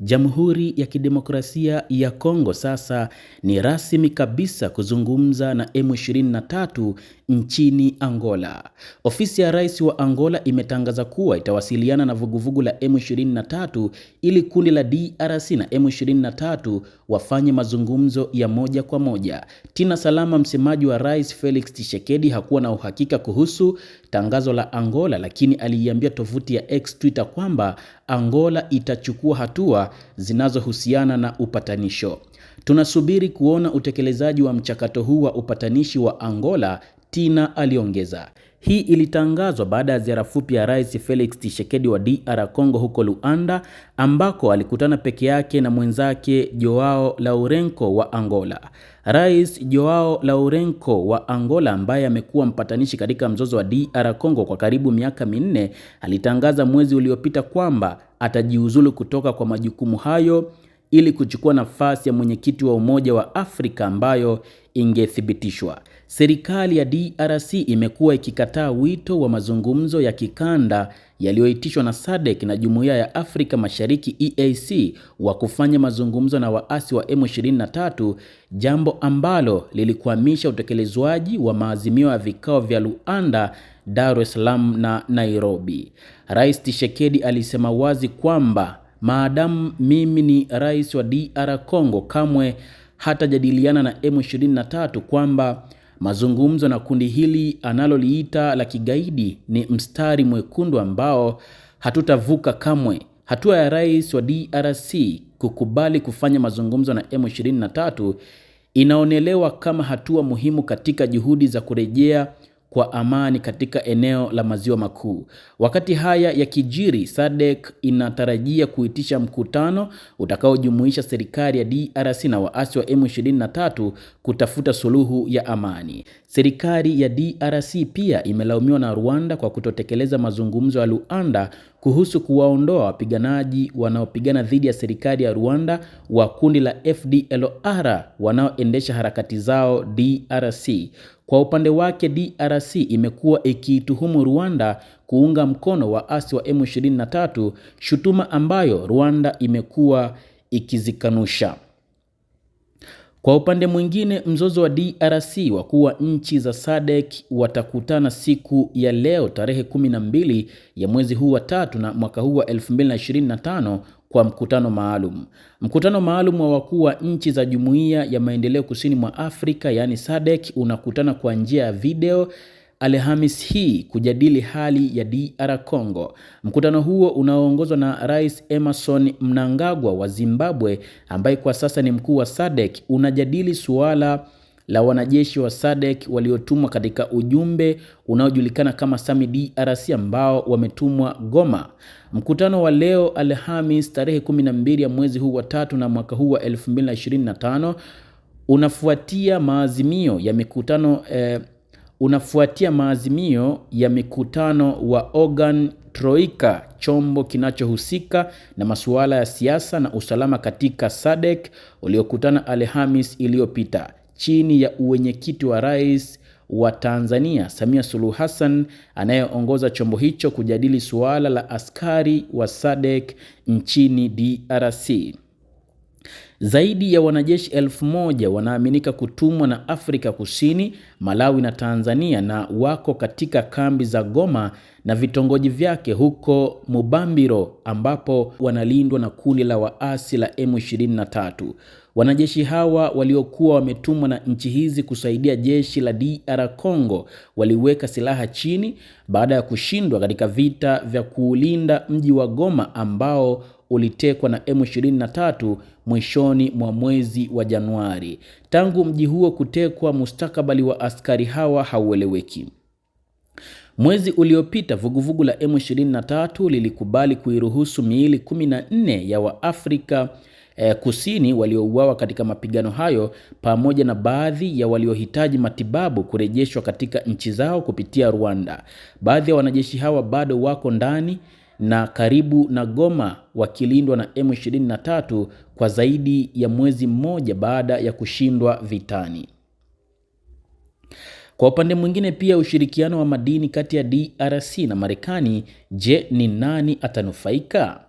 Jamhuri ya Kidemokrasia ya Kongo sasa ni rasmi kabisa kuzungumza na M23 nchini Angola. Ofisi ya rais wa Angola imetangaza kuwa itawasiliana na vuguvugu la M23 ili kundi la DRC na M23 wafanye mazungumzo ya moja kwa moja. Tina Salama, msemaji wa rais Felix Tshisekedi, hakuwa na uhakika kuhusu tangazo la Angola, lakini aliiambia tovuti ya X Twitter kwamba Angola itachukua hatua zinazohusiana na upatanisho. Tunasubiri kuona utekelezaji wa mchakato huu wa upatanishi wa Angola Tina aliongeza. Hii ilitangazwa baada ya ziara fupi ya Rais Felix Tshisekedi wa DR Congo huko Luanda ambako alikutana peke yake na mwenzake Joao Lourenco wa Angola. Rais Joao Lourenco wa Angola ambaye amekuwa mpatanishi katika mzozo wa DR Congo kwa karibu miaka minne alitangaza mwezi uliopita kwamba atajiuzulu kutoka kwa majukumu hayo ili kuchukua nafasi ya mwenyekiti wa Umoja wa Afrika ambayo ingethibitishwa. Serikali ya DRC imekuwa ikikataa wito wa mazungumzo ya kikanda yaliyoitishwa na SADC na Jumuiya ya Afrika Mashariki EAC wa kufanya mazungumzo na waasi wa M23, jambo ambalo lilikwamisha utekelezwaji wa maazimio ya vikao vya Luanda, Dar es Salaam na Nairobi. Rais Tshisekedi alisema wazi kwamba maadamu mimi ni rais wa DR Congo, kamwe hatajadiliana na M23 kwamba Mazungumzo na kundi hili analoliita la kigaidi ni mstari mwekundu ambao hatutavuka kamwe. Hatua ya rais wa DRC kukubali kufanya mazungumzo na M23 inaonelewa kama hatua muhimu katika juhudi za kurejea kwa amani katika eneo la maziwa makuu. Wakati haya ya kijiri SADC inatarajia kuitisha mkutano utakaojumuisha serikali ya DRC na waasi wa M23 kutafuta suluhu ya amani. Serikali ya DRC pia imelaumiwa na Rwanda kwa kutotekeleza mazungumzo ya Luanda kuhusu kuwaondoa wapiganaji wanaopigana dhidi ya serikali ya Rwanda wa kundi la FDLR wanaoendesha harakati zao DRC. Kwa upande wake, DRC imekuwa ikiituhumu Rwanda kuunga mkono waasi wa M23, shutuma ambayo Rwanda imekuwa ikizikanusha. Kwa upande mwingine, mzozo wa DRC wa kuwa nchi za SADC watakutana siku ya leo tarehe 12 ya mwezi huu wa tatu na mwaka huu wa 2025 kwa mkutano maalum. Mkutano maalum wa wakuu wa nchi za Jumuiya ya Maendeleo Kusini mwa Afrika, yaani SADC, unakutana kwa njia ya video Alhamis hii kujadili hali ya DR Congo. Mkutano huo unaoongozwa na Rais Emerson Mnangagwa wa Zimbabwe ambaye kwa sasa ni mkuu wa SADC unajadili suala la wanajeshi wa SADC waliotumwa katika ujumbe unaojulikana kama Sami DRC ambao wametumwa Goma. Mkutano wa leo Alhamis tarehe 12 ya mwezi huu wa tatu na mwaka huu wa 2025 unafuatia maazimio ya mikutano eh, unafuatia maazimio ya mikutano wa Organ Troika, chombo kinachohusika na masuala ya siasa na usalama katika SADC uliokutana Alhamis iliyopita chini ya uwenyekiti wa Rais wa Tanzania Samia Suluhu Hassan anayeongoza chombo hicho kujadili suala la askari wa SADC nchini DRC. Zaidi ya wanajeshi elfu moja wanaaminika kutumwa na Afrika Kusini, Malawi na Tanzania na wako katika kambi za Goma na vitongoji vyake huko Mubambiro ambapo wanalindwa na kundi la waasi la M23. Wanajeshi hawa waliokuwa wametumwa na nchi hizi kusaidia jeshi la DR Congo waliweka silaha chini baada ya kushindwa katika vita vya kuulinda mji wa Goma ambao ulitekwa na M23 mwishoni mwa mwezi wa Januari. Tangu mji huo kutekwa, mustakabali wa askari hawa haueleweki. Mwezi uliopita vuguvugu la M23 lilikubali kuiruhusu miili 14 ya Waafrika eh, Kusini waliouawa katika mapigano hayo pamoja na baadhi ya waliohitaji matibabu kurejeshwa katika nchi zao kupitia Rwanda. Baadhi ya wanajeshi hawa bado wako ndani na karibu na Goma wakilindwa na M23 kwa zaidi ya mwezi mmoja baada ya kushindwa vitani. Kwa upande mwingine pia ushirikiano wa madini kati ya DRC na Marekani, je, ni nani atanufaika?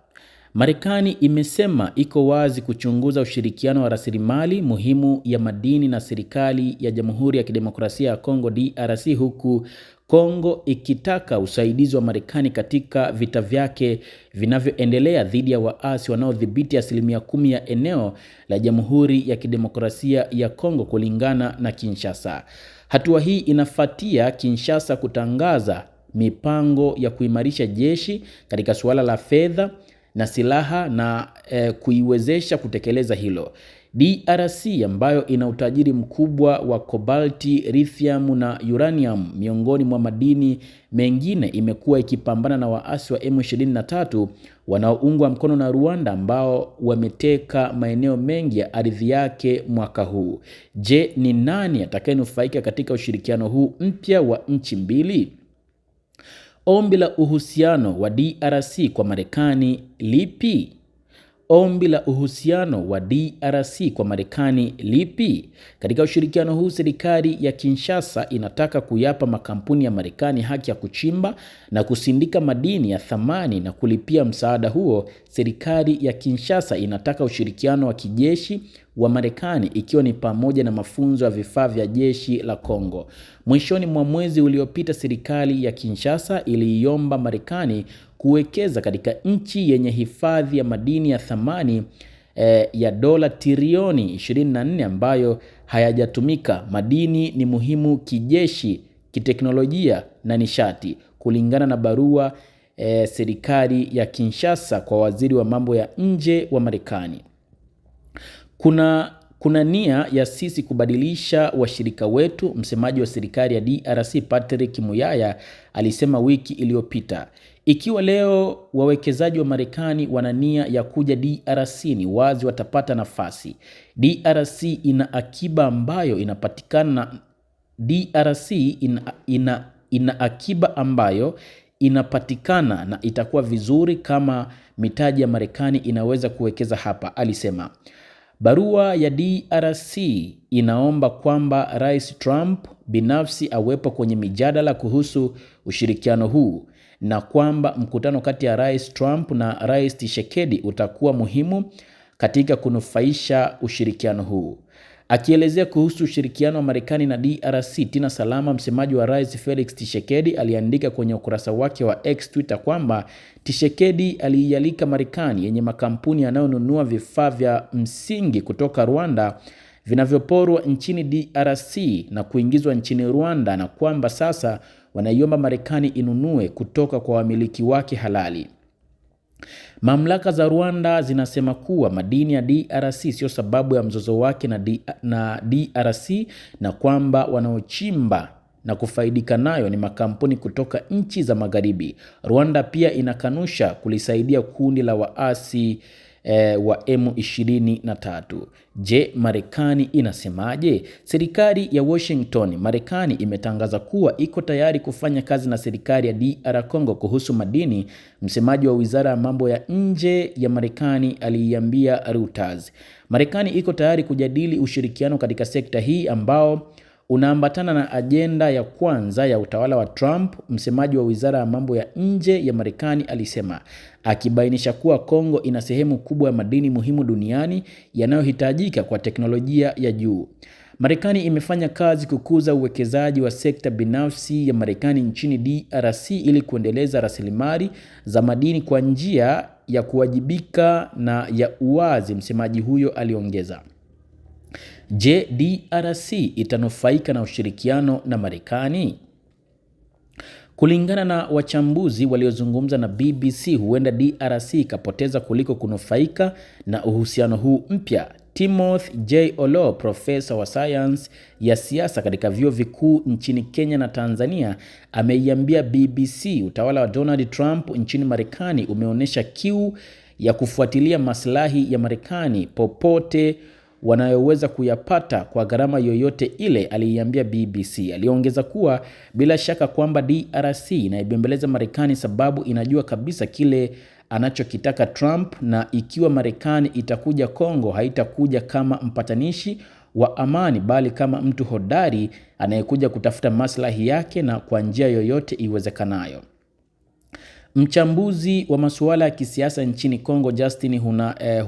Marekani imesema iko wazi kuchunguza ushirikiano wa rasilimali muhimu ya madini na serikali ya Jamhuri ya Kidemokrasia ya Kongo DRC huku Kongo ikitaka usaidizi wa Marekani katika vita vyake vinavyoendelea dhidi ya waasi wanaodhibiti asilimia kumi ya eneo la Jamhuri ya Kidemokrasia ya Kongo kulingana na Kinshasa. Hatua hii inafuatia Kinshasa kutangaza mipango ya kuimarisha jeshi katika suala la fedha na silaha na e, kuiwezesha kutekeleza hilo. DRC ambayo ina utajiri mkubwa wa kobalti, lithium na uranium miongoni mwa madini mengine imekuwa ikipambana na waasi wa M23 wanaoungwa mkono na Rwanda ambao wameteka maeneo mengi ya ardhi yake mwaka huu. Je, ni nani atakayenufaika katika ushirikiano huu mpya wa nchi mbili? Ombi la uhusiano wa DRC kwa Marekani lipi? Ombi la uhusiano wa DRC kwa Marekani lipi? Katika ushirikiano huu, serikali ya Kinshasa inataka kuyapa makampuni ya Marekani haki ya kuchimba na kusindika madini ya thamani na kulipia msaada huo. Serikali ya Kinshasa inataka ushirikiano wa kijeshi wa Marekani ikiwa ni pamoja na mafunzo ya vifaa vya jeshi la Kongo. Mwishoni mwa mwezi uliopita, serikali ya Kinshasa iliiomba Marekani kuwekeza katika nchi yenye hifadhi ya madini ya thamani eh, ya dola trilioni 24 ambayo hayajatumika. Madini ni muhimu kijeshi, kiteknolojia na nishati, kulingana na barua eh, serikali ya Kinshasa kwa waziri wa mambo ya nje wa Marekani. Kuna, kuna nia ya sisi kubadilisha washirika wetu, msemaji wa serikali ya DRC Patrick Muyaya alisema wiki iliyopita. Ikiwa leo wawekezaji wa Marekani wana nia ya kuja DRC ni wazi watapata nafasi. DRC ina akiba ambayo inapatikana DRC ina, ina, ina akiba ambayo inapatikana na itakuwa vizuri kama mitaji ya Marekani inaweza kuwekeza hapa, alisema. Barua ya DRC inaomba kwamba Rais Trump binafsi awepo kwenye mijadala kuhusu ushirikiano huu na kwamba mkutano kati ya Rais Trump na Rais Tshisekedi utakuwa muhimu katika kunufaisha ushirikiano huu. Akielezea kuhusu ushirikiano wa Marekani na DRC, Tina Salama, msemaji wa Rais Felix Tshisekedi, aliandika kwenye ukurasa wake wa X Twitter kwamba Tshisekedi aliialika Marekani yenye makampuni yanayonunua vifaa vya msingi kutoka Rwanda vinavyoporwa nchini DRC na kuingizwa nchini Rwanda na kwamba sasa wanaiomba Marekani inunue kutoka kwa wamiliki wake halali. Mamlaka za Rwanda zinasema kuwa madini ya DRC sio sababu ya mzozo wake na, D, na DRC na kwamba wanaochimba na kufaidika nayo ni makampuni kutoka nchi za magharibi. Rwanda pia inakanusha kulisaidia kundi la waasi e, wa M23. Je, Marekani inasemaje? Serikali ya Washington, Marekani imetangaza kuwa iko tayari kufanya kazi na serikali ya DR Congo kuhusu madini. Msemaji wa Wizara ya Mambo ya Nje ya Marekani aliiambia Reuters, Marekani iko tayari kujadili ushirikiano katika sekta hii ambao unaambatana na ajenda ya kwanza ya utawala wa Trump, msemaji wa Wizara ya Mambo ya Nje ya Marekani alisema, akibainisha kuwa Kongo ina sehemu kubwa ya madini muhimu duniani yanayohitajika kwa teknolojia ya juu. Marekani imefanya kazi kukuza uwekezaji wa sekta binafsi ya Marekani nchini DRC ili kuendeleza rasilimali za madini kwa njia ya kuwajibika na ya uwazi, msemaji huyo aliongeza. Je, DRC itanufaika na ushirikiano na Marekani? Kulingana na wachambuzi waliozungumza na BBC, huenda DRC ikapoteza kuliko kunufaika na uhusiano huu mpya. Timothy J Olo, profesa wa sayansi ya siasa katika vyuo vikuu nchini Kenya na Tanzania, ameiambia BBC utawala wa Donald Trump nchini Marekani umeonyesha kiu ya kufuatilia maslahi ya Marekani popote wanayoweza kuyapata kwa gharama yoyote ile, aliiambia BBC. Aliongeza kuwa bila shaka kwamba DRC inaibembeleza Marekani sababu inajua kabisa kile anachokitaka Trump, na ikiwa Marekani itakuja Kongo haitakuja kama mpatanishi wa amani bali kama mtu hodari anayekuja kutafuta maslahi yake na kwa njia yoyote iwezekanayo. Mchambuzi wa masuala ya kisiasa nchini Kongo Justin Huna, eh,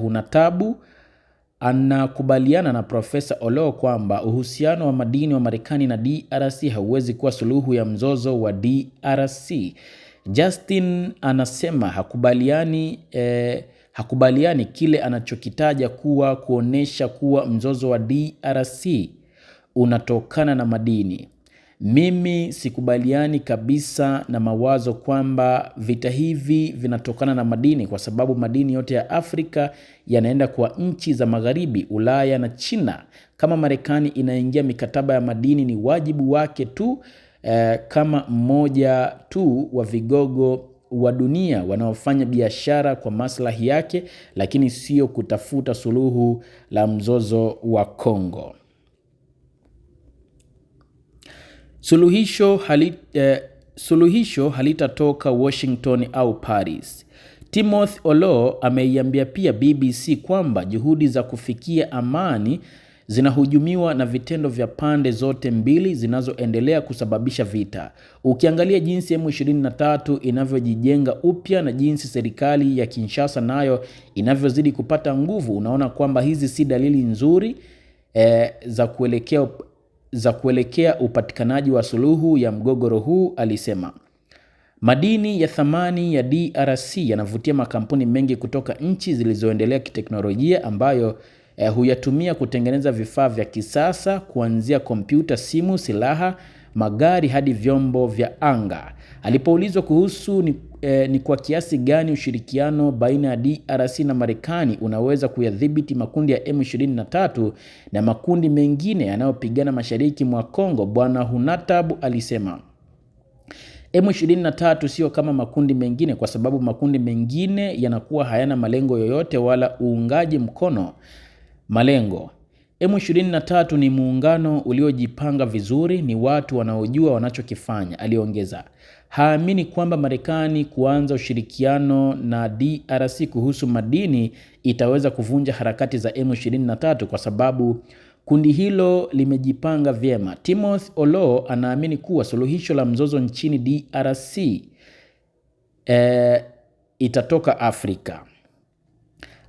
anakubaliana na Profesa Oloo kwamba uhusiano wa madini wa Marekani na DRC hauwezi kuwa suluhu ya mzozo wa DRC. Justin anasema hakubaliani, eh, hakubaliani kile anachokitaja kuwa kuonesha kuwa mzozo wa DRC unatokana na madini. Mimi sikubaliani kabisa na mawazo kwamba vita hivi vinatokana na madini, kwa sababu madini yote ya Afrika yanaenda kwa nchi za magharibi, Ulaya na China. Kama Marekani inaingia mikataba ya madini, ni wajibu wake tu eh, kama mmoja tu wa vigogo wa dunia wanaofanya biashara kwa maslahi yake, lakini sio kutafuta suluhu la mzozo wa Kongo. Suluhisho, hali, eh, suluhisho halitatoka Washington au Paris. Timothy olo ameiambia pia BBC kwamba juhudi za kufikia amani zinahujumiwa na vitendo vya pande zote mbili zinazoendelea kusababisha vita. Ukiangalia jinsi M23 inavyojijenga upya na jinsi serikali ya Kinshasa nayo inavyozidi kupata nguvu, unaona kwamba hizi si dalili nzuri eh, za kuelekea za kuelekea upatikanaji wa suluhu ya mgogoro huu alisema madini ya thamani ya DRC yanavutia makampuni mengi kutoka nchi zilizoendelea kiteknolojia ambayo eh, huyatumia kutengeneza vifaa vya kisasa kuanzia kompyuta, simu, silaha, magari hadi vyombo vya anga. Alipoulizwa kuhusu ni, eh, ni kwa kiasi gani ushirikiano baina ya DRC na Marekani unaweza kuyadhibiti makundi ya M23 na makundi mengine yanayopigana mashariki mwa Kongo, Bwana Hunatabu alisema M23 sio kama makundi mengine kwa sababu makundi mengine yanakuwa hayana malengo yoyote wala uungaji mkono malengo. M23 ni muungano uliojipanga vizuri, ni watu wanaojua wanachokifanya, aliongeza haamini kwamba Marekani kuanza ushirikiano na DRC kuhusu madini itaweza kuvunja harakati za M23 kwa sababu kundi hilo limejipanga vyema. Timothy Olo anaamini kuwa suluhisho la mzozo nchini DRC e, eh, itatoka Afrika.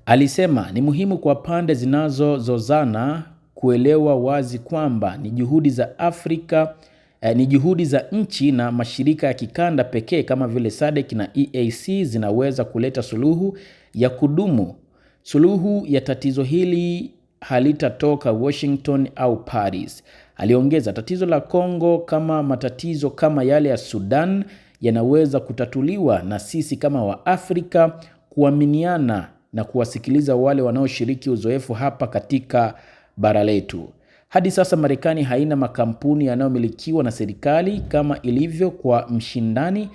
Alisema ni muhimu kwa pande zinazozozana kuelewa wazi kwamba ni juhudi za Afrika Eh, ni juhudi za nchi na mashirika ya kikanda pekee kama vile SADC na EAC zinaweza kuleta suluhu ya kudumu. Suluhu ya tatizo hili halitatoka Washington au Paris. Aliongeza, tatizo la Kongo kama matatizo kama yale ya Sudan yanaweza kutatuliwa na sisi kama Waafrika kuaminiana na kuwasikiliza wale wanaoshiriki uzoefu hapa katika bara letu. Hadi sasa Marekani haina makampuni yanayomilikiwa na serikali kama ilivyo kwa mshindani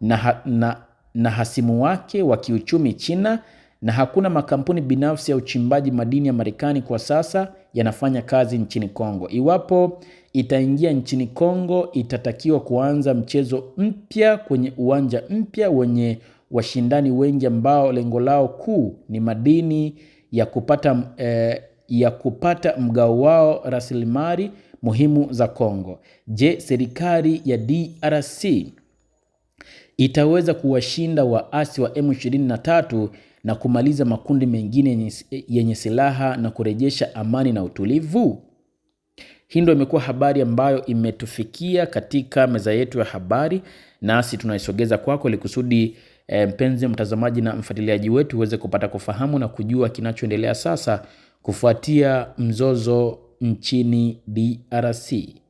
na, ha na, na hasimu wake wa kiuchumi China, na hakuna makampuni binafsi ya uchimbaji madini ya Marekani kwa sasa yanafanya kazi nchini Kongo. Iwapo itaingia nchini Kongo, itatakiwa kuanza mchezo mpya kwenye uwanja mpya wenye washindani wengi ambao lengo lao kuu ni madini ya kupata eh, ya kupata mgao wao rasilimali muhimu za Kongo. Je, serikali ya DRC itaweza kuwashinda waasi wa M23 na kumaliza makundi mengine yenye silaha na kurejesha amani na utulivu? Hii ndio imekuwa habari ambayo imetufikia katika meza yetu ya habari, nasi tunaisogeza kwako ili kusudi eh, mpenzi mtazamaji na mfuatiliaji wetu uweze kupata kufahamu na kujua kinachoendelea sasa kufuatia mzozo nchini DRC.